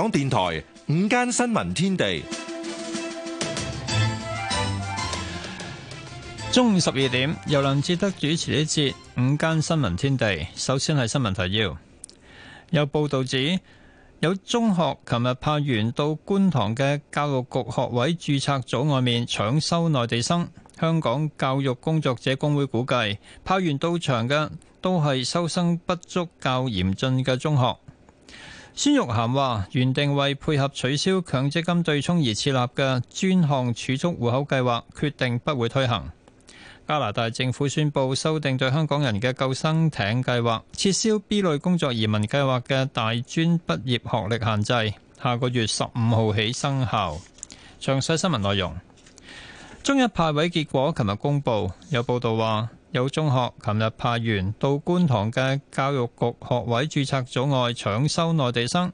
港電台午間新聞天地，中午十二點由梁志德主持呢節午間新聞天地。首先係新聞提要，有報道指有中學琴日派員到觀塘嘅教育局學位註冊組外面搶收內地生。香港教育工作者工會估計，派員到場嘅都係收生不足較嚴峻嘅中學。孫玉菡話：原定為配合取消強積金對沖而設立嘅專項儲蓄戶口計劃，決定不會推行。加拿大政府宣布修訂對香港人嘅救生艇計劃，撤銷 B 類工作移民計劃嘅大專畢業學歷限制，下個月十五號起生效。詳細新聞內容。中一派位結果琴日公布，有報道話有中學琴日派員到觀塘嘅教育局學位註冊組外搶收內地生。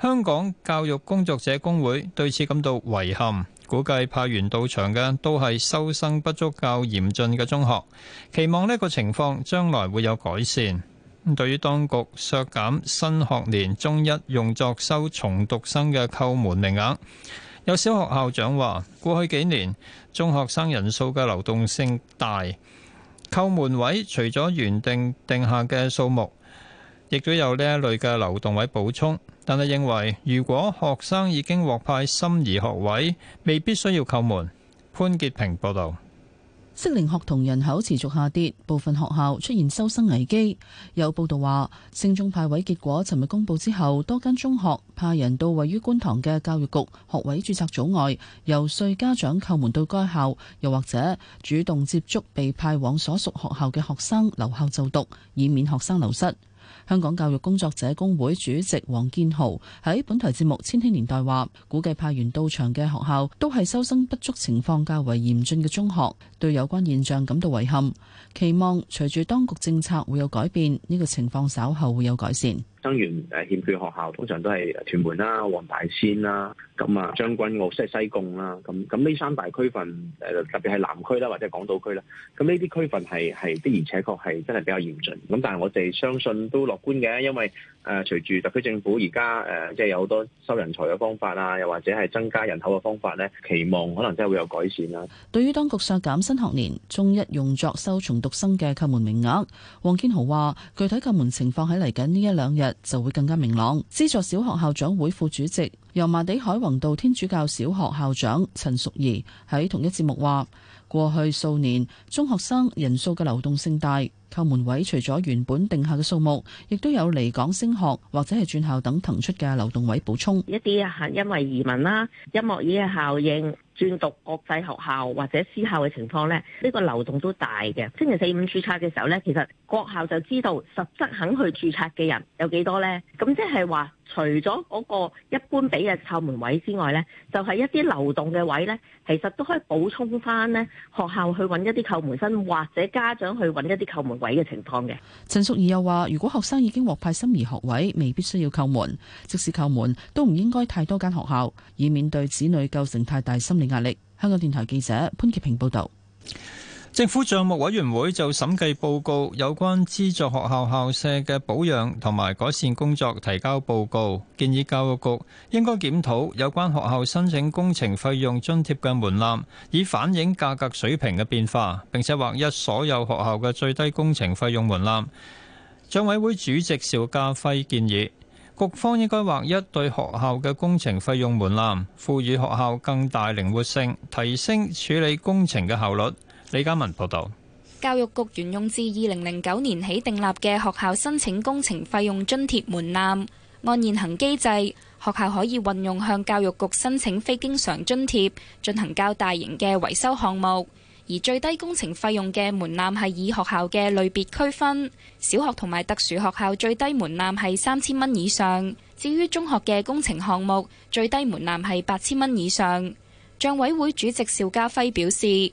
香港教育工作者公會對此感到遺憾，估計派員到場嘅都係收生不足較嚴峻嘅中學，期望呢個情況將來會有改善。對於當局削減新學年中一用作收重讀生嘅扣門名額。有小學校長話：過去幾年，中學生人數嘅流動性大，扣門位除咗原定定下嘅數目，亦都有呢一類嘅流動位補充。但係認為，如果學生已經獲派心儀學位，未必需要扣門。潘潔平報道。適齡學童人口持續下跌，部分學校出現收生危機。有報道話，升中派位結果尋日公布之後，多間中學派人到位於觀塘嘅教育局學位注冊組外游說家長叩門到該校，又或者主動接觸被派往所屬學校嘅學生留校就讀，以免學生流失。香港教育工作者工會主席黃建豪喺本台節目《千禧年代》話，估計派員到場嘅學校都係收生不足情況較為嚴峻嘅中學，對有關現象感到遺憾，期望隨住當局政策會有改變，呢個情況稍後會有改善。生源誒欠缺學校，通常都係屯門啦、黃大仙啦、咁啊將軍澳即係西貢啦。咁咁呢三大區份誒，特別係南區啦或者港島區啦。咁呢啲區份係係的而且確係真係比較嚴峻。咁但係我哋相信都樂觀嘅，因為誒隨住特區政府而家誒即係有好多收人才嘅方法啊，又或者係增加人口嘅方法咧，期望可能真係會有改善啦。對於當局削減新學年中一用作收重讀生嘅叩門名額，黃建豪話：具體叩門情況喺嚟緊呢一兩日，就會更加明朗。資助小學校長會副主席油麻地海泓道天主教小學校長陳淑儀喺同一節目話，過去數年，中學生人數嘅流動性大。叩門位除咗原本定下嘅數目，亦都有離港升學或者係轉校等騰出嘅流動位補充。一啲係因為移民啦、音樂嘢嘅效應、轉讀國際學校或者私校嘅情況呢，呢個流動都大嘅。星期四、五注冊嘅時候呢，其實國校就知道實質肯去注冊嘅人有幾多呢。咁即係話，除咗嗰個一般俾嘅叩門位之外呢，就係一啲流動嘅位呢，其實都可以補充翻呢。學校去揾一啲叩門生，或者家長去揾一啲叩門。位嘅情況嘅，陳淑儀又話：如果學生已經獲派心儀學位，未必需要扣門；即使扣門，都唔應該太多間學校，以免對子女構成太大心理壓力。香港電台記者潘潔平報導。政府賬目委員會就審計報告有關資助學校校舍嘅保養同埋改善工作提交報告，建議教育局應該檢討有關學校申請工程費用津貼嘅門檻，以反映價格水平嘅變化，並且劃一所有學校嘅最低工程費用門檻。賬委會主席邵家輝建議，局方應該劃一對學校嘅工程費用門檻，賦予學校更大靈活性，提升處理工程嘅效率。李家文報道，教育局沿用自二零零九年起訂立嘅學校申請工程費用津貼門檻。按現行機制，學校可以運用向教育局申請非經常津貼進行較大型嘅維修項目。而最低工程費用嘅門檻係以學校嘅類別區分，小學同埋特殊學校最低門檻係三千蚊以上。至於中學嘅工程項目，最低門檻係八千蚊以上。賬委會主席邵家輝表示。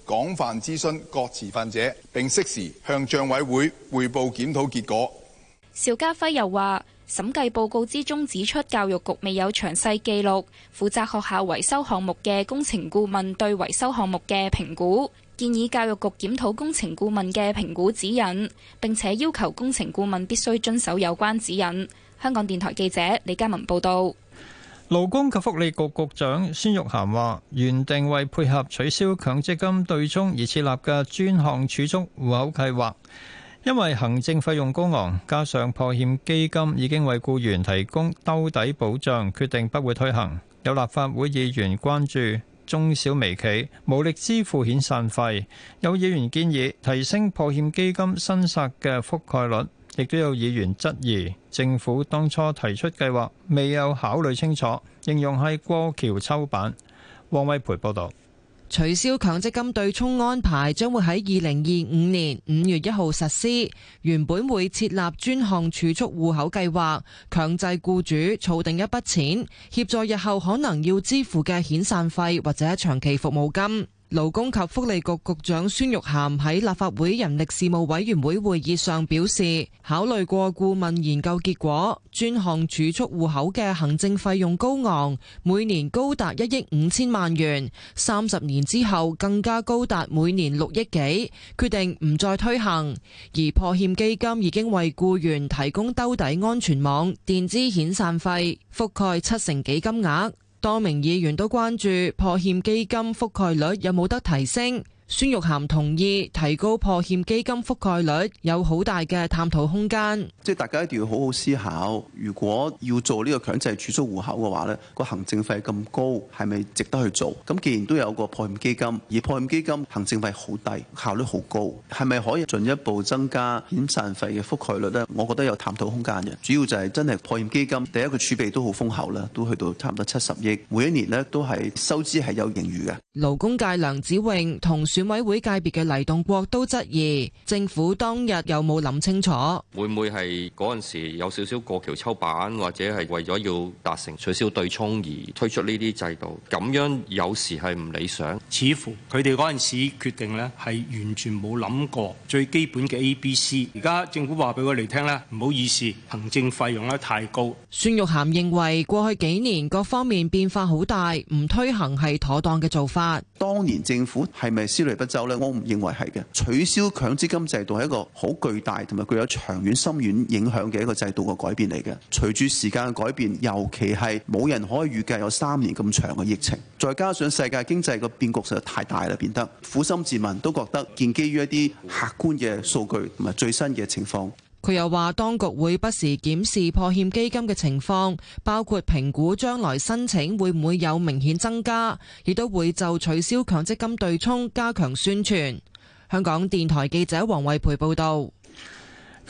廣泛諮詢各持份者，並適時向帳委會匯報檢討結果。邵家輝又話：審計報告之中指出，教育局未有詳細記錄負責學校維修項目嘅工程顧問對維修項目嘅評估，建議教育局檢討工程顧問嘅評估指引，並且要求工程顧問必須遵守有關指引。香港電台記者李嘉文報道。勞工及福利局局長孫玉菡話：原定為配合取消強積金對沖而設立嘅專項儲蓄戶口計劃，因為行政費用高昂，加上破欠基金已經為雇員提供兜底保障，決定不會推行。有立法會議員關注中小微企無力支付遣散費，有議員建議提升破欠基金新設嘅覆蓋率。亦都有議員質疑政府當初提出計劃未有考慮清楚，形容係過橋抽板。汪威培報道，取消強積金對沖安排將會喺二零二五年五月一號實施。原本會設立專項儲蓄戶口計劃，強制雇主儲定一筆錢，協助日後可能要支付嘅遣散費或者長期服務金。勞工及福利局局長孫玉菡喺立法會人力事務委員會會議上表示，考慮過顧問研究結果，專項儲蓄戶口嘅行政費用高昂，每年高達一億五千萬元，三十年之後更加高達每年六億幾，決定唔再推行。而破欠基金已經為僱員提供兜底安全網，墊資遣散費，覆蓋七成幾金額。多名議員都關注破欠基金覆蓋率有冇得提升。孫玉菡同意提高破欠基金覆蓋率有好大嘅探討空間，即係大家一定要好好思考，如果要做呢個強制儲蓄戶口嘅話，呢個行政費咁高，係咪值得去做？咁既然都有個破欠基金，而破欠基金行政費好低，效率好高，係咪可以進一步增加遣散費嘅覆蓋率呢？我覺得有探討空間嘅，主要就係真係破欠基金第一個儲備都好豐厚啦，都去到差唔多七十億，每一年呢都係收支係有盈餘嘅。勞工界梁子穎同孫選委會界別嘅黎棟國都質疑政府當日有冇諗清楚，會唔會係嗰陣時有少少過橋抽板，或者係為咗要達成取消對沖而推出呢啲制度？咁樣有時係唔理想。似乎佢哋嗰陣時決定咧，係完全冇諗過最基本嘅 A、B、C。而家政府話俾我哋聽咧，唔好意思，行政費用咧太高。孫玉菡認為過去幾年各方面變化好大，唔推行係妥當嘅做法。當年政府係咪思慮不周呢？我唔認為係嘅。取消強積金制度係一個好巨大同埋具有長遠深遠影響嘅一個制度嘅改變嚟嘅。隨住時間嘅改變，尤其係冇人可以預計有三年咁長嘅疫情，再加上世界經濟嘅變局實在太大啦，變得，苦心自問，都覺得建基於一啲客觀嘅數據同埋最新嘅情況。佢又話，當局會不時檢視破欠基金嘅情況，包括評估將來申請會唔會有明顯增加，亦都會就取消強積金對沖加強宣傳。香港電台記者黃惠培報導。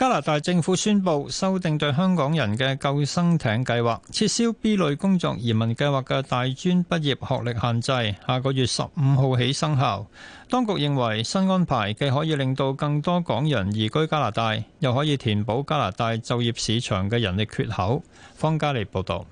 加拿大政府宣布修訂對香港人嘅救生艇計劃，撤銷 B 類工作移民計劃嘅大專畢業學歷限制，下個月十五號起生效。當局認為新安排既可以令到更多港人移居加拿大，又可以填補加拿大就業市場嘅人力缺口。方嘉莉報道，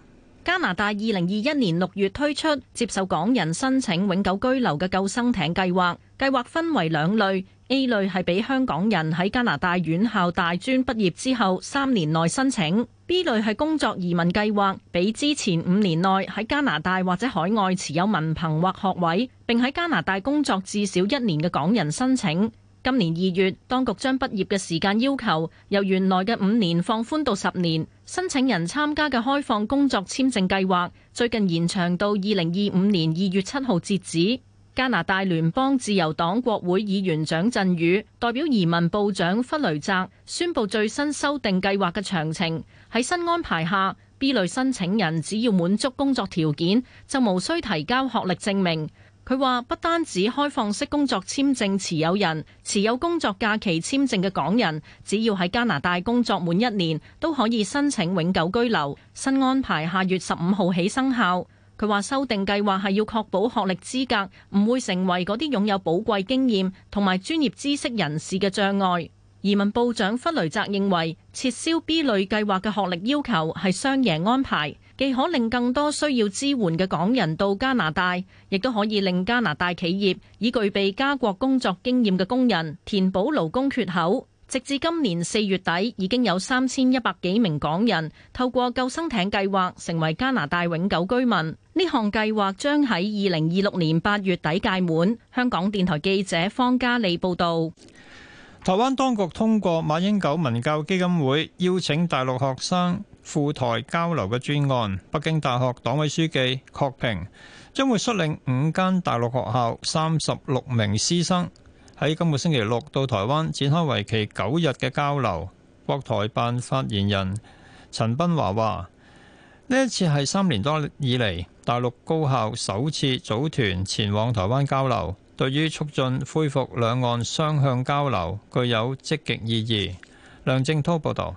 加拿大二零二一年六月推出接受港人申請永久居留嘅救生艇計劃。計劃分為兩類，A 類係俾香港人喺加拿大院校大專畢業之後三年內申請；B 類係工作移民計劃，俾之前五年內喺加拿大或者海外持有文憑或學位，並喺加拿大工作至少一年嘅港人申請。今年二月，當局將畢業嘅時間要求由原來嘅五年放寬到十年。申請人參加嘅開放工作簽證計劃，最近延長到二零二五年二月七號截止。加拿大聯邦自由黨國會議員蔣振宇代表移民部長弗雷澤宣布最新修訂計劃嘅詳情。喺新安排下，B 類申請人只要滿足工作條件，就無需提交學歷證明。佢話不單止開放式工作簽證持有人、持有工作假期簽證嘅港人，只要喺加拿大工作滿一年，都可以申請永久居留。新安排下月十五號起生效。佢話修訂計劃係要確保學歷資格唔會成為嗰啲擁有寶貴經驗同埋專業知識人士嘅障礙，移民部長弗雷澤認為撤銷 B 類計劃嘅學歷要求係雙贏安排，既可令更多需要支援嘅港人到加拿大，亦都可以令加拿大企業以具備加國工作經驗嘅工人填補勞工缺口。直至今年四月底，已經有三千一百幾名港人透過救生艇計劃成為加拿大永久居民。呢項計劃將喺二零二六年八月底屆滿，香港電台記者方嘉莉報道。台灣當局通過馬英九文教基金會邀請大陸學生赴台交流嘅專案，北京大學黨委書記郝平將會率領五間大陸學校三十六名師生。喺今個星期六到台灣展開為期九日嘅交流，國台辦發言人陳斌華話：呢一次係三年多以嚟大陸高校首次組團前往台灣交流，對於促進恢復兩岸雙向交流具有積極意義。梁正滔報導。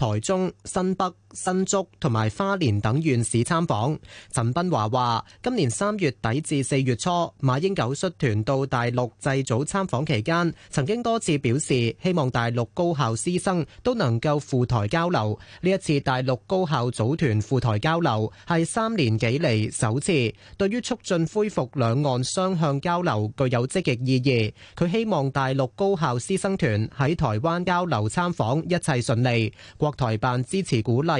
台中新北、新竹同埋花蓮等縣市參訪。陳斌華話：今年三月底至四月初，馬英九率團到大陸祭祖參訪期間，曾經多次表示希望大陸高校師生都能夠赴台交流。呢一次大陸高校組團赴台交流係三年幾嚟首次，對於促進恢復兩岸雙向交流具有積極意義。佢希望大陸高校師生團喺台灣交流參訪一切順利，國台辦支持鼓勵。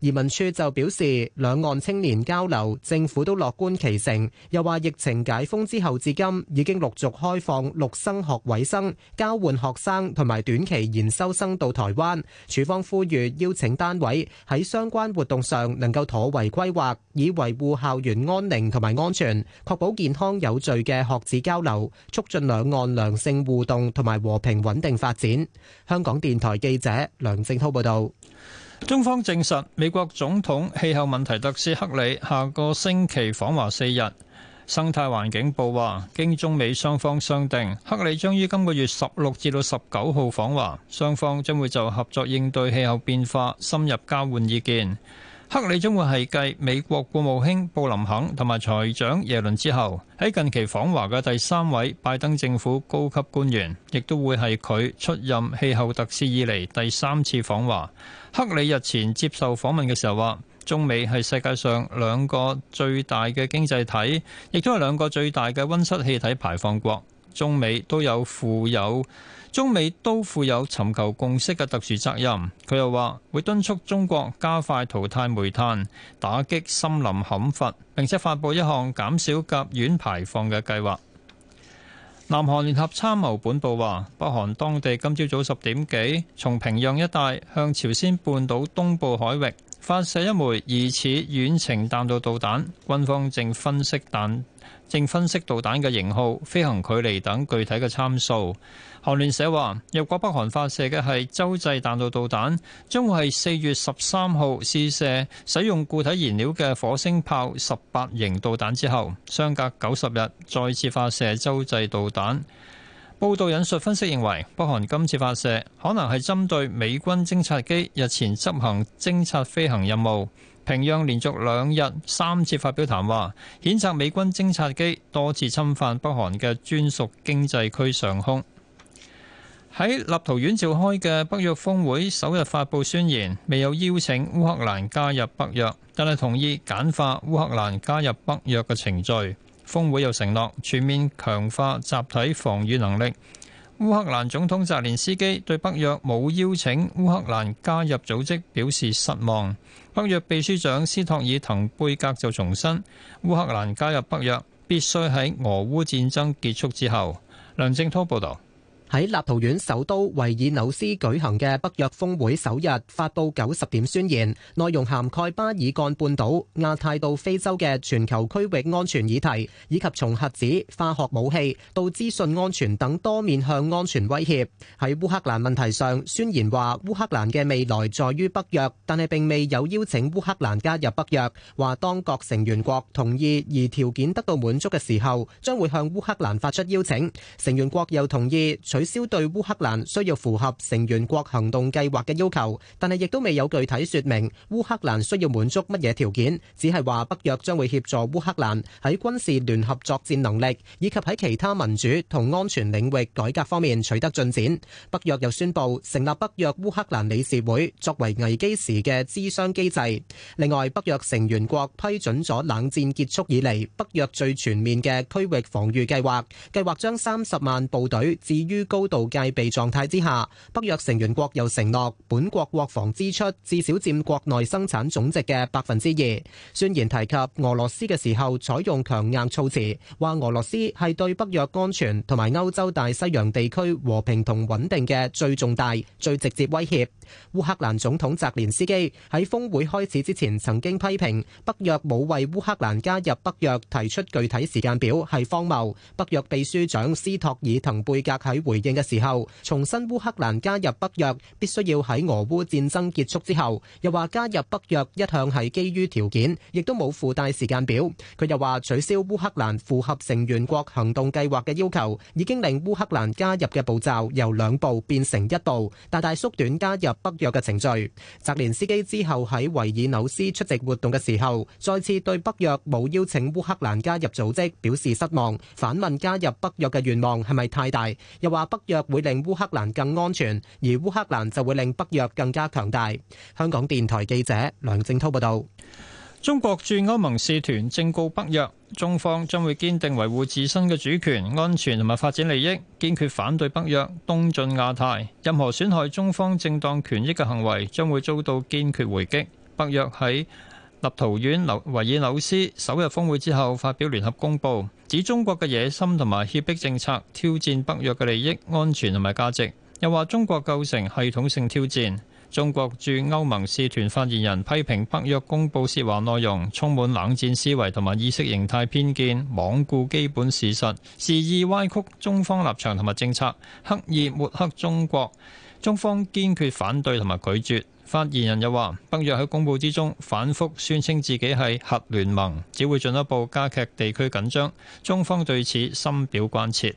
移民處就表示，兩岸青年交流，政府都樂觀其成。又話疫情解封之後至今，已經陸續開放陸生學位生、交換學生同埋短期研修生到台灣。處方呼籲邀請單位喺相關活動上能夠妥為規劃，以維護校園安寧同埋安全，確保健康有序嘅學子交流，促進兩岸良性互動同埋和平穩定發展。香港電台記者梁正滔報導。中方證實，美國總統氣候問題特使克里下個星期訪華四日。生態環境部話，經中美雙方商定，克里將於今個月十六至到十九號訪華，雙方將會就合作應對氣候變化深入交換意見。克里將會係繼美國國務卿布林肯同埋財長耶倫之後，喺近期訪華嘅第三位拜登政府高級官員，亦都會係佢出任氣候特使以嚟第三次訪華。克里日前接受訪問嘅時候話，中美係世界上兩個最大嘅經濟體，亦都係兩個最大嘅溫室氣體排放國。中美都有負有中美都負有尋求共識嘅特殊責任。佢又話會敦促中國加快淘汰煤炭，打擊森林砍伐，並且發佈一項減少甲烷排放嘅計劃。南韓聯合參謀本部話，北韓當地今朝早十點幾，從平壤一帶向朝鮮半島東部海域發射一枚疑似遠程彈道導彈，軍方正分析彈。正分析導彈嘅型號、飛行距離等具體嘅參數。韓聯社話，若果北韓發射嘅係洲際彈道導彈，將會係四月十三號試射使用固體燃料嘅火星炮十八型導彈之後，相隔九十日再次發射洲際導彈。報道引述分析認為，北韓今次發射可能係針對美軍偵察機日前執行偵察飛行任務。平壤連續兩日三次發表談話，譴責美軍偵察機多次侵犯北韓嘅專屬經濟區上空。喺立陶宛召開嘅北約峯會首日發佈宣言，未有邀請烏克蘭加入北約，但係同意簡化烏克蘭加入北約嘅程序。峯會又承諾全面強化集體防禦能力。烏克蘭總統澤連斯基對北約冇邀請烏克蘭加入組織表示失望。北約秘書長斯托爾滕貝格就重申，烏克蘭加入北約必須喺俄烏戰爭結束之後。梁正滔報導。喺立陶宛首都維爾紐斯舉行嘅北約峰會首日，發布九十點宣言，內容涵蓋巴爾幹半島、亞太到非洲嘅全球區域安全議題，以及從核子、化學武器到資訊安全等多面向安全威脅。喺烏克蘭問題上，宣言話烏克蘭嘅未來在於北約，但係並未有邀請烏克蘭加入北約。話當各成員國同意而條件得到滿足嘅時候，將會向烏克蘭發出邀請。成員國又同意。取消對烏克蘭需要符合成員國行動計劃嘅要求，但係亦都未有具體說明烏克蘭需要滿足乜嘢條件，只係話北約將會協助烏克蘭喺軍事聯合作戰能力以及喺其他民主同安全領域改革方面取得進展。北約又宣布成立北約烏克蘭理事會，作為危機時嘅諮商機制。另外，北約成員國批准咗冷戰結束以嚟北約最全面嘅區域防禦計劃，計劃將三十萬部隊置於。高度戒備狀態之下，北約成員國又承諾本國國防支出至少佔國內生產總值嘅百分之二。宣言提及俄羅斯嘅時候，採用強硬措辭，話俄羅斯係對北約安全同埋歐洲大西洋地區和平同穩定嘅最重大、最直接威脅。烏克蘭總統澤連斯基喺峯會開始之前曾經批評北約冇為烏克蘭加入北約提出具體時間表係荒謬。北約秘書長斯托爾滕貝格喺會。應嘅時候，重申烏克蘭加入北約必須要喺俄烏戰爭結束之後。又話加入北約一向係基於條件，亦都冇附帶時間表。佢又話取消烏克蘭符合成員國行動計劃嘅要求，已經令烏克蘭加入嘅步驟由兩步變成一步，大大縮短加入北約嘅程序。澤連斯基之後喺維爾紐斯出席活動嘅時候，再次對北約冇邀請烏克蘭加入組織表示失望，反問加入北約嘅願望係咪太大？又話。北約會令烏克蘭更安全，而烏克蘭就會令北約更加強大。香港電台記者梁正濤報道，中國駐歐盟使團正告北約，中方將會堅定維護自身嘅主權、安全同埋發展利益，堅決反對北約東進亞太。任何損害中方正當權益嘅行為，將會遭到堅決回擊。北約喺立陶宛、維爾紐斯首日峰會之後發表聯合公報，指中國嘅野心同埋脅迫政策挑戰北約嘅利益、安全同埋價值。又話中國構成系統性挑戰。中國駐歐盟使團發言人批評北約公佈涉華內容充滿冷戰思維同埋意識形態偏見，罔顧基本事實，肆意歪曲中方立場同埋政策，刻意抹黑中國。中方堅決反對同埋拒絕。發言人又話：北約喺公佈之中反覆宣稱自己係核聯盟，只會進一步加劇地區緊張。中方對此深表關切。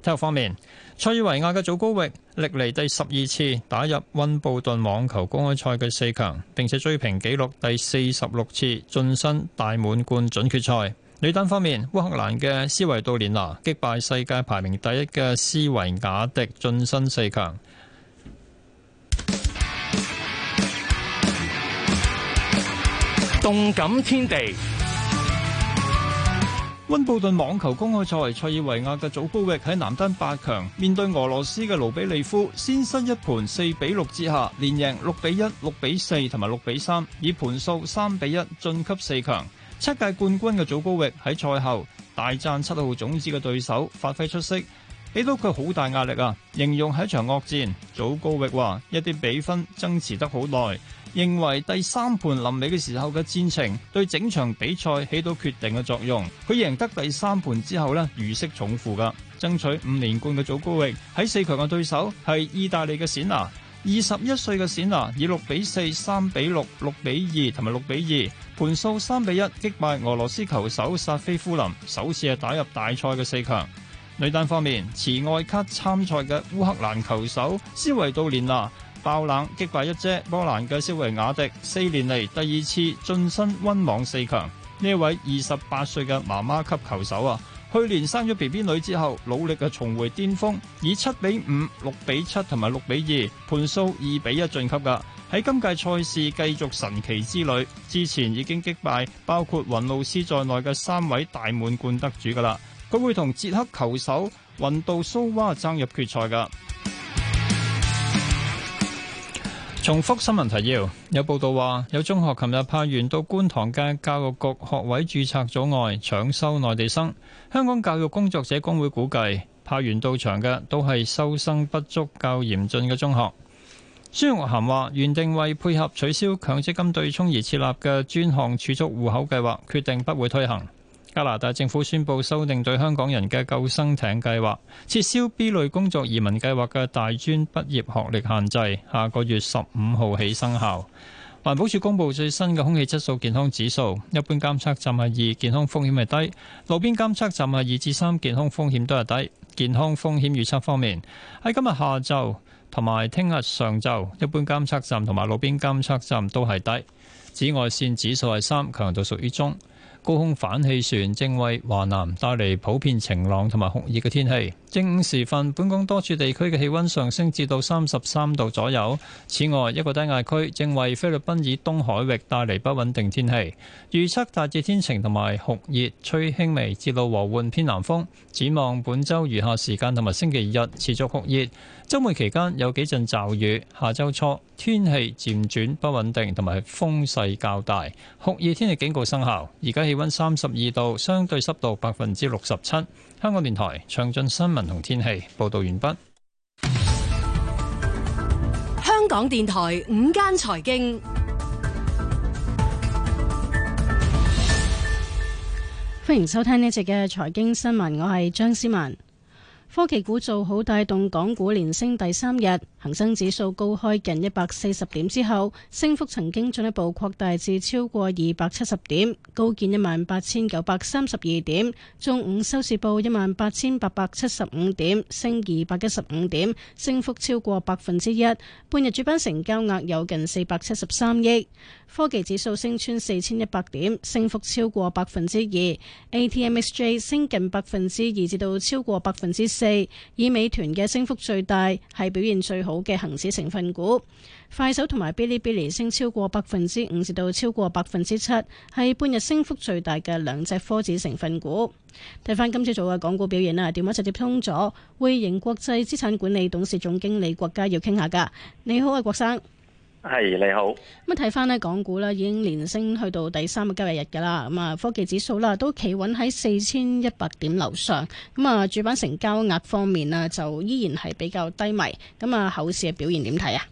體育方面，塞爾維亞嘅祖高域歷嚟第十二次打入溫布頓網球公開賽嘅四強，並且追平紀錄第四十六次晉身大滿貫準決賽。女單方面，烏克蘭嘅斯維杜連娜擊敗世界排名第一嘅斯維亞迪晉身四強。動感天地，温布頓網球公開賽為塞爾維亞嘅祖高域喺男單八強面對俄羅斯嘅盧比利夫，先失一盤四比六之下，連贏六比一、六比四同埋六比三，以盤數三比一晉級四強。七屆冠軍嘅祖高域喺賽後大讚七號種子嘅對手發揮出色，俾到佢好大壓力啊！形容係一場惡戰，祖高域話一啲比分爭持得好耐。認為第三盤臨尾嘅時候嘅戰情對整場比賽起到決定嘅作用。佢贏得第三盤之後呢，如釋重負噶，爭取五連冠嘅祖高域喺四強嘅對手係意大利嘅冼拿。二十一歲嘅冼拿以六比四、三比六、六比二同埋六比二盤數三比一擊敗俄羅斯球手薩菲夫林，首次係打入大賽嘅四強。女單方面，持外卡參賽嘅烏克蘭球手斯維杜連娜。爆冷擊敗一姐波蘭嘅斯維亞迪，四年嚟第二次晉身溫網四強。呢位二十八歲嘅媽媽級球手啊，去年生咗 B B 女之後，努力嘅重回巔峰，以七比五、六比七同埋六比二盤數二比一晉級噶。喺今屆賽事繼續神奇之旅，之前已經擊敗包括雲露絲在內嘅三位大滿貫得主噶啦。佢會同捷克球手雲杜蘇娃爭入決賽噶。重複新聞提要，有報道話，有中學琴日派員到觀塘嘅教育局學位註冊組外搶收內地生。香港教育工作者工會估計，派員到場嘅都係收生不足較嚴峻嘅中學。孫玉菡話，原定為配合取消強積金對沖而設立嘅專項儲蓄戶口計劃，決定不會推行。加拿大政府宣布修訂對香港人嘅救生艇計劃，撤銷 B 類工作移民計劃嘅大專畢業學歷限制，下個月十五號起生效。環保署公布最新嘅空氣質素健康指數，一般監測站係二，健康風險係低；路邊監測站係二至三，3, 健康風險都係低。健康風險預測方面，喺今日下晝同埋聽日上晝，一般監測站同埋路邊監測站都係低。紫外線指數係三，強度屬於中。高空反氣旋正為華南帶嚟普遍晴朗同埋酷熱嘅天氣。正午時分，本港多處地區嘅氣温上升至到三十三度左右。此外，一個低壓區正為菲律賓以東海域帶嚟不穩定天氣。預測大致天晴同埋酷熱，吹輕微至到和緩偏南風。展望本週餘下時間同埋星期日持續酷熱。週末期間有幾陣驟雨，下周初天氣漸轉不穩定，同埋風勢較大，酷熱天氣警告生效。而家氣溫三十二度，相對濕度百分之六十七。香港電台詳盡新聞同天氣報道完畢。香港電台午間財經，歡迎收聽呢一節嘅財經新聞，我係張思文。科技股做好，帶動港股連升第三日。恒生指數高開近一百四十點之後，升幅曾經進一步擴大至超過二百七十點，高見一萬八千九百三十二點。中午收市報一萬八千八百七十五點，升二百一十五點，升幅超過百分之一。半日主板成交額有近四百七十三億。科技指數升穿四千一百點，升幅超過百分之二。ATMXJ 升近百分之二至到超過百分之四，以美團嘅升幅最大，係表現最好。嘅恒指成分股，快手同埋嗶哩嗶哩升超過百分之五，至到超過百分之七，係半日升幅最大嘅兩隻科指成分股。睇翻，今朝早嘅港股表現啊，電話就接通咗匯盈國際資產管理董事總經理郭家耀傾下噶？你好啊，郭生。係你好，咁啊睇翻呢港股啦，已經連升去到第三個交易日噶啦，咁啊科技指數啦都企穩喺四千一百點樓上，咁啊主板成交額方面咧就依然係比較低迷，咁啊後市嘅表現點睇啊？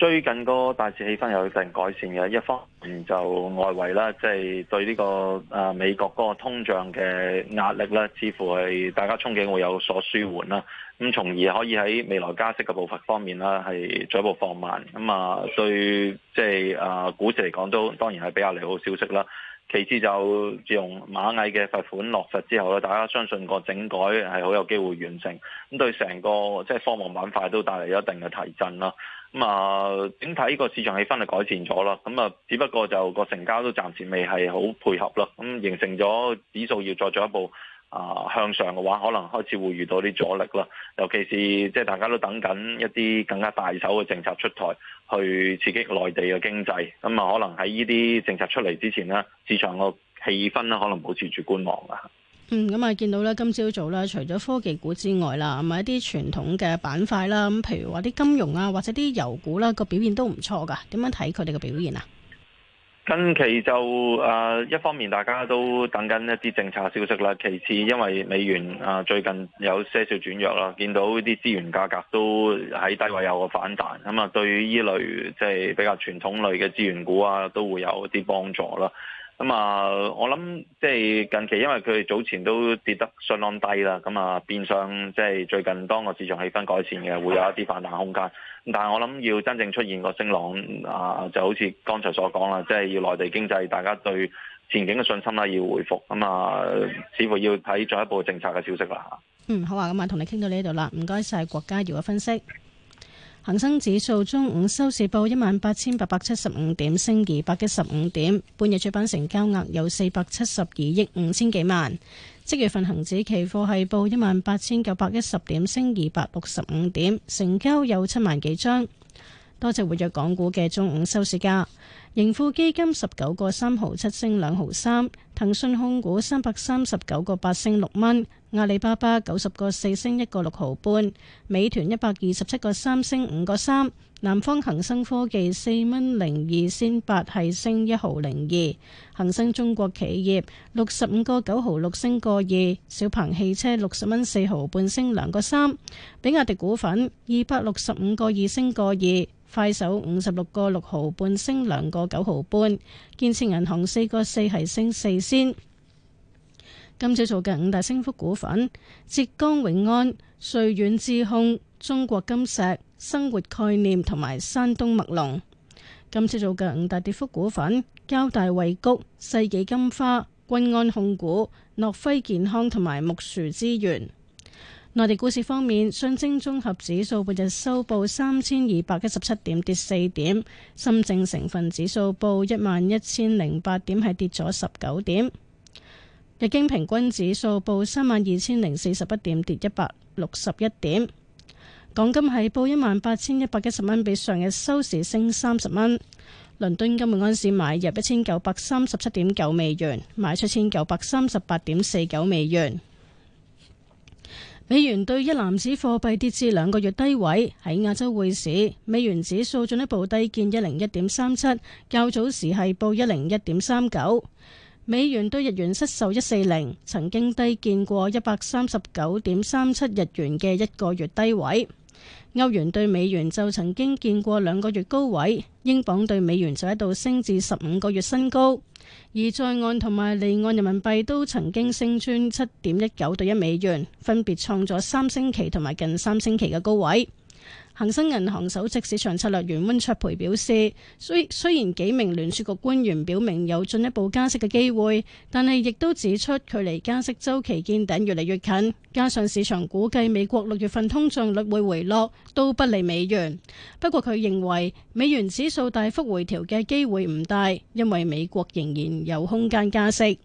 最近個大市氣氛有一定改善嘅，一方面就外圍啦，即、就、係、是、對呢、這個、啊、美國嗰個通脹嘅壓力啦，似乎係大家憧憬會有所舒緩啦，咁從而可以喺未來加息嘅步伐方面啦，係進一步放慢。咁啊，對即係股市嚟講，就是啊、都當然係比較利好消息啦。其次就自從螞蟻嘅罰款落實之後咧，大家相信個整改係好有機會完成，咁對成個即係、就是、科網板塊都帶嚟一定嘅提振啦。咁啊、嗯，整體呢個市場氣氛係改善咗啦，咁啊，只不過就個成交都暫時未係好配合啦，咁、嗯、形成咗指數要再進一步啊、呃、向上嘅話，可能開始會遇到啲阻力啦。尤其是即係大家都等緊一啲更加大手嘅政策出台，去刺激內地嘅經濟。咁、嗯、啊，可能喺呢啲政策出嚟之前呢，市場個氣氛咧可能保持住觀望。嗯，咁啊，見到咧，今朝早咧，除咗科技股之外啦，同埋一啲傳統嘅板塊啦，咁譬如話啲金融啊，或者啲油股啦，個表現都唔錯㗎。點樣睇佢哋嘅表現啊？近期就啊，一方面大家都等緊一啲政策消息啦，其次因為美元啊最近有些少轉弱啦，見到啲資源價格都喺低位有個反彈，咁啊，對於依類即係比較傳統類嘅資源股啊，都會有一啲幫助啦。咁啊，我諗即係近期，因為佢早前都跌得相當低啦，咁啊變相即係最近當個市場氣氛改善嘅，會有一啲反彈空間，但係我諗要真正出現個升浪啊，就好似剛才所講啦，即係要內地經濟大家對前景嘅信心啦，要回復。咁啊，似乎要睇進一步政策嘅消息啦。嗯，好啊，咁啊，同你傾到呢度啦，唔該晒郭家耀嘅分析。恒生指數中午收市報一萬八千八百七十五點，升二百一十五點。半日主板成交額有四百七十二億五千幾萬。即月份恒指期貨係報一萬八千九百一十點，升二百六十五點，成交有七萬幾張。多隻活躍港股嘅中午收市價。盈富基金十九個三毫七升兩毫三，騰訊控股三百三十九個八升六蚊。阿里巴巴九十個四升一個六毫半，美團一百二十七個三升五個三，南方恒生科技四蚊零二仙八係升一毫零二，恒生中國企業六十五個九毫六升個二，小鵬汽車六十蚊四毫半升兩個三，比亞迪股份二百六十五個二升個二，快手五十六個六毫半升兩個九毫半，建設銀行四個四係升四仙。今朝做嘅五大升幅股份：浙江永安、瑞遠智控、中國金石、生活概念同埋山東墨龍。今朝做嘅五大跌幅股份：交大惠谷、世紀金花、君安控股、諾輝健康同埋木薯資源。內地股市方面，上證綜合指數每日收報三千二百一十七點，跌四點；深證成分指數報一萬一千零八點，係跌咗十九點。日經平均指數報三萬二千零四十一點，跌一百六十一點。港金係報一萬八千一百一十蚊，比上日收市升三十蚊。倫敦金每安士買入一千九百三十七點九美元，賣出千九百三十八點四九美元。美元對一籃子貨幣跌至兩個月低位。喺亞洲匯市，美元指數進一步低見一零一點三七，較早時係報一零一點三九。美元兌日元失守一四零，曾經低見過一百三十九點三七日元嘅一個月低位。歐元兌美元就曾經見過兩個月高位，英鎊兌美元就一度升至十五個月新高。而在岸同埋離岸人民幣都曾經升穿七點一九兌一美元，分別創咗三星期同埋近三星期嘅高位。恒生銀行首席市場策略員溫卓培表示，雖雖然幾名聯儲局官員表明有進一步加息嘅機會，但係亦都指出距離加息周期見頂越嚟越近，加上市場估計美國六月份通脹率會回落，都不利美元。不過佢認為美元指數大幅回調嘅機會唔大，因為美國仍然有空間加息。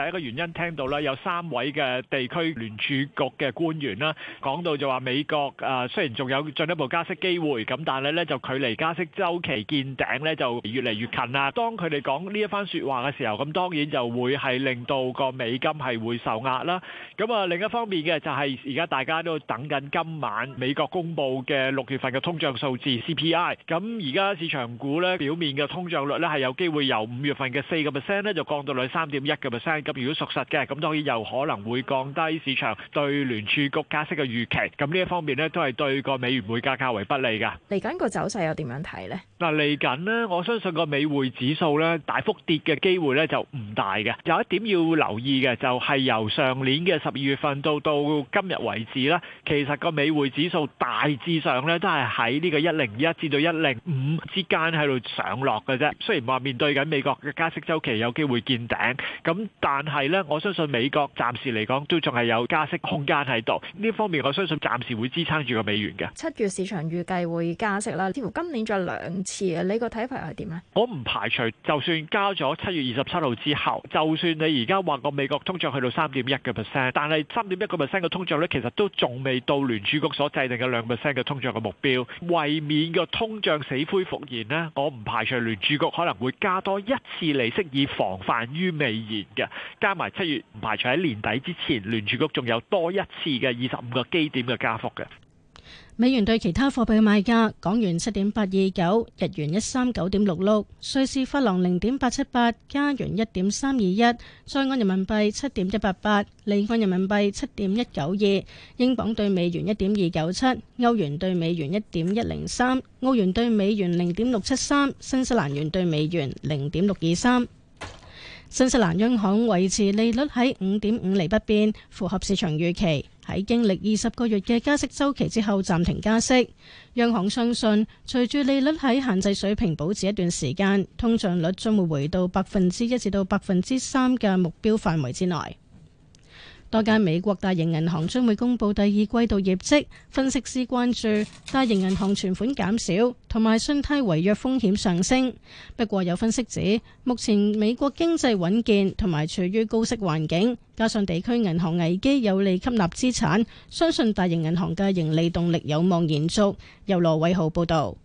第一個原因，聽到咧有三位嘅地區聯儲局嘅官員啦，講到就話美國誒雖然仲有進一步加息機會，咁但係咧就距離加息週期見頂咧就越嚟越近啦。當佢哋講呢一番説話嘅時候，咁當然就會係令到個美金係會受壓啦。咁啊另一方面嘅就係而家大家都等緊今晚美國公布嘅六月份嘅通脹數字 CPI。咁而家市場估咧表面嘅通脹率咧係有機會由五月份嘅四個 percent 咧就降到去三點一嘅 percent。咁如果屬實嘅，咁當然又可能會降低市場對聯儲局加息嘅預期，咁呢一方面咧都係對個美元匯價較為不利嘅。嚟緊個走勢又點樣睇咧？嗱，嚟緊咧，我相信個美匯指數咧大幅跌嘅機會咧就唔大嘅。有一點要留意嘅就係由上年嘅十二月份到到今日為止咧，其實個美匯指數大致上咧都係喺呢個一零一至到一零五之間喺度上落嘅啫。雖然話面對緊美國嘅加息週期有機會見頂，咁但但係咧，我相信美國暫時嚟講都仲係有加息空間喺度。呢方面，我相信暫時會支撐住個美元嘅。七月市場預計會加息啦，似乎今年仲兩次啊。你個睇法係點啊？我唔排除，就算加咗七月二十七號之後，就算你而家話個美國通脹去到三點一嘅 percent，但係三點一個 percent 嘅通脹咧，其實都仲未到聯儲局所制定嘅兩 percent 嘅通脹嘅目標，為免個通脹死灰復燃呢，我唔排除聯儲局可能會加多一次利息，以防範於未然嘅。加埋七月，唔排除喺年底之前，聯儲局仲有多一次嘅二十五個基點嘅加幅嘅。美元對其他貨幣嘅賣價：港元七點八二九，日元一三九點六六，瑞士法郎零點八七八，加元一點三二一，在岸人民幣七點一八八，離岸人民幣七點一九二，英鎊對美元一點二九七，歐元對美元一點一零三，澳元對美元零點六七三，新西蘭元對美元零點六二三。新西蘭央行維持利率喺五點五厘不變，符合市場預期。喺經歷二十個月嘅加息周期之後暫停加息。央行相信隨住利率喺限制水平保持一段時間，通脹率將會回到百分之一至到百分之三嘅目標範圍之內。多間美國大型銀行將會公布第二季度業績，分析師關注大型銀行存款減少同埋信貸違約風險上升。不過有分析指，目前美國經濟穩健同埋處於高息環境，加上地區銀行危機有利吸納資產，相信大型銀行嘅盈利動力有望延續。由羅偉豪報道。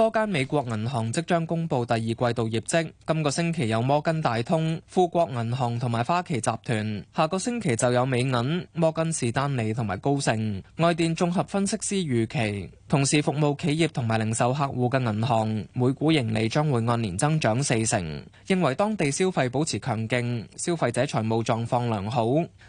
多間美國銀行即將公布第二季度業績，今個星期有摩根大通、富國銀行同埋花旗集團；下個星期就有美銀、摩根士丹利同埋高盛。外電綜合分析師預期，同時服務企業同埋零售客戶嘅銀行，每股盈利將會按年增長四成，認為當地消費保持強勁，消費者財務狀況良好，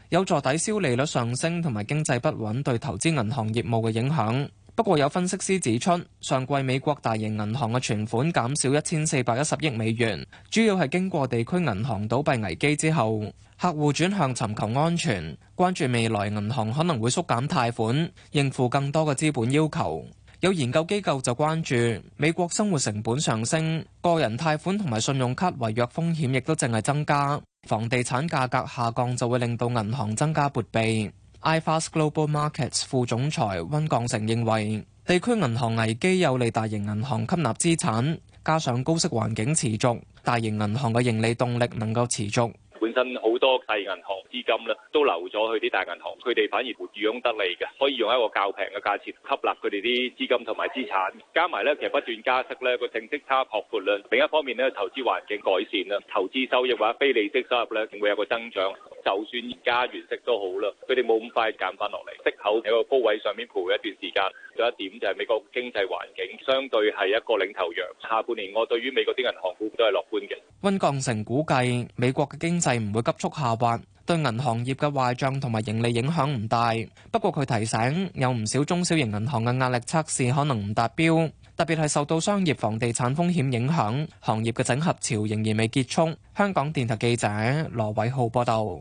有助抵消利率上升同埋經濟不穩對投資銀行業務嘅影響。不過有分析師指出，上季美國大型銀行嘅存款減少一千四百一十億美元，主要係經過地區銀行倒閉危機之後，客戶轉向尋求安全，關注未來銀行可能會縮減貸款，應付更多嘅資本要求。有研究機構就關注美國生活成本上升，個人貸款同埋信用卡違約風險亦都淨係增加，房地產價格下降就會令到銀行增加撥備。iFAST Global Markets 副總裁溫鋼成認為，地區銀行危機有利大型銀行吸納資產，加上高息環境持續，大型銀行嘅盈利動力能夠持續。本身好多細銀行資金咧，都留咗去啲大銀行，佢哋反而活用得利嘅，可以用一個較平嘅價錢吸納佢哋啲資金同埋資產。加埋咧，其實不斷加息咧，個息差擴闊啦。另一方面咧，投資環境改善啦，投資收益或者非利息收入咧，會有個增長。就算加完息都好啦，佢哋冇咁快減翻落嚟，息口喺個高位上面徘徊一段時間。仲有一點就係美國經濟環境相對係一個領頭羊，下半年我對於美國啲銀行股都係樂觀嘅。溫鋼城估計美國嘅經濟，係唔會急速下滑，對銀行業嘅壞賬同埋盈利影響唔大。不過佢提醒，有唔少中小型銀行嘅壓力測試可能唔達標，特別係受到商業房地產風險影響，行業嘅整合潮仍然未結束。香港電台記者羅偉浩報道。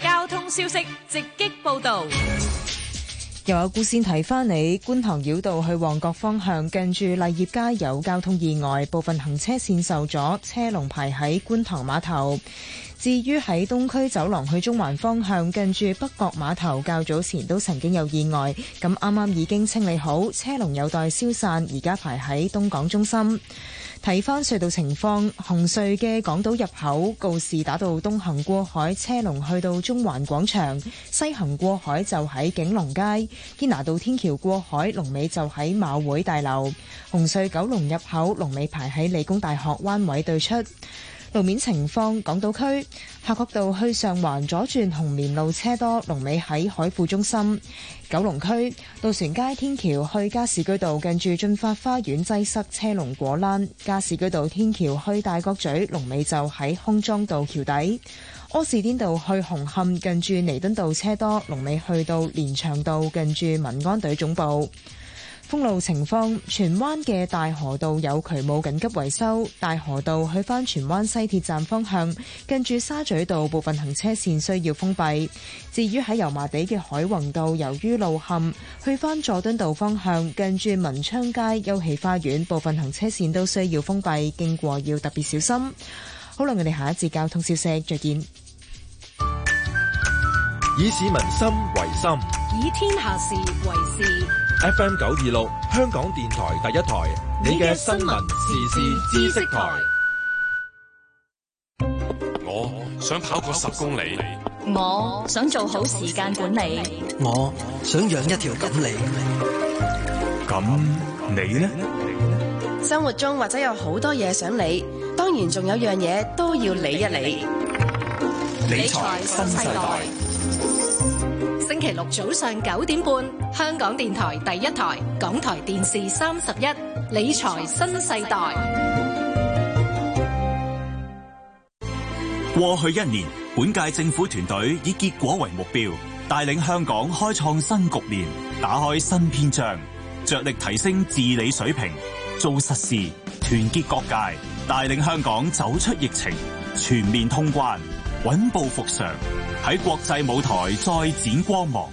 交通消息直擊報道。又有故線提翻你，觀塘繞道去旺角方向近住麗業街有交通意外，部分行車線受阻，車龍排喺觀塘碼頭。至於喺東區走廊去中環方向近住北角碼頭，較早前都曾經有意外，咁啱啱已經清理好，車龍有待消散，而家排喺東港中心。睇翻隧道情況，紅隧嘅港島入口告士打道東行過海車龍去到中環廣場，西行過海就喺景隆街，堅拿道天橋過海龍尾就喺馬會大樓。紅隧九龍入口龍尾排喺理工大學灣位對出。路面情況，港島區夏慤道去上環左轉紅棉路車多，龍尾喺海富中心；九龍區渡船街天橋去加士居道近住駿發花園擠塞，車龍果欄；加士居道天橋去大角咀龍尾就喺空中道橋底；柯士甸道去紅磡近住彌敦道車多，龍尾去到連翔道近住民安隊總部。封路情況，荃灣嘅大河道有渠務緊急維修，大河道去返荃灣西鐵站方向，近住沙咀道部分行車綫需要封閉。至於喺油麻地嘅海泓道，由於路陷，去返佐敦道方向，近住文昌街、休憩花園部分行車綫都需要封閉，經過要特別小心。好啦，我哋下一節交通消息再見。以市民心為心，以天下事為事。FM 九二六，香港電台第一台，你嘅新聞時事知識台。我想跑過十公里，我想做好時間管理，我想養一條錦鯉。咁你呢？生活中或者有好多嘢想理，當然仲有樣嘢都要理一理。理財新世代。星期六早上九點半，香港電台第一台、港台電視三十一《理財新世代》。過去一年，本屆政府團隊以結果為目標，帶領香港開創新局面，打開新篇章，着力提升治理水平，做實事，團結各界，帶領香港走出疫情，全面通關，穩步復常。喺國際舞台再展光芒，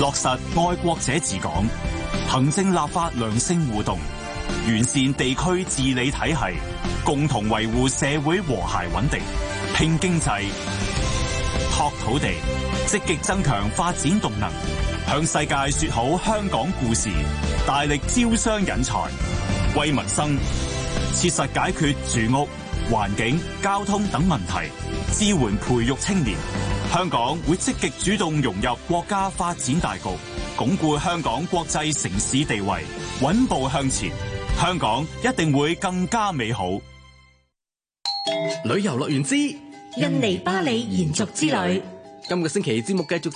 落實愛國者治港，行政立法良性互動，完善地區治理體系，共同維護社會和諧穩定，拼經濟，拓土地，積極增強發展動能，向世界說好香港故事，大力招商引才，為民生切實解決住屋。環境、交通等問題，支援培育青年。香港會積極主動融入國家發展大局，鞏固香港國際城市地位，穩步向前。香港一定會更加美好。旅遊樂園之印尼巴里延續之旅，今個星期節目繼續。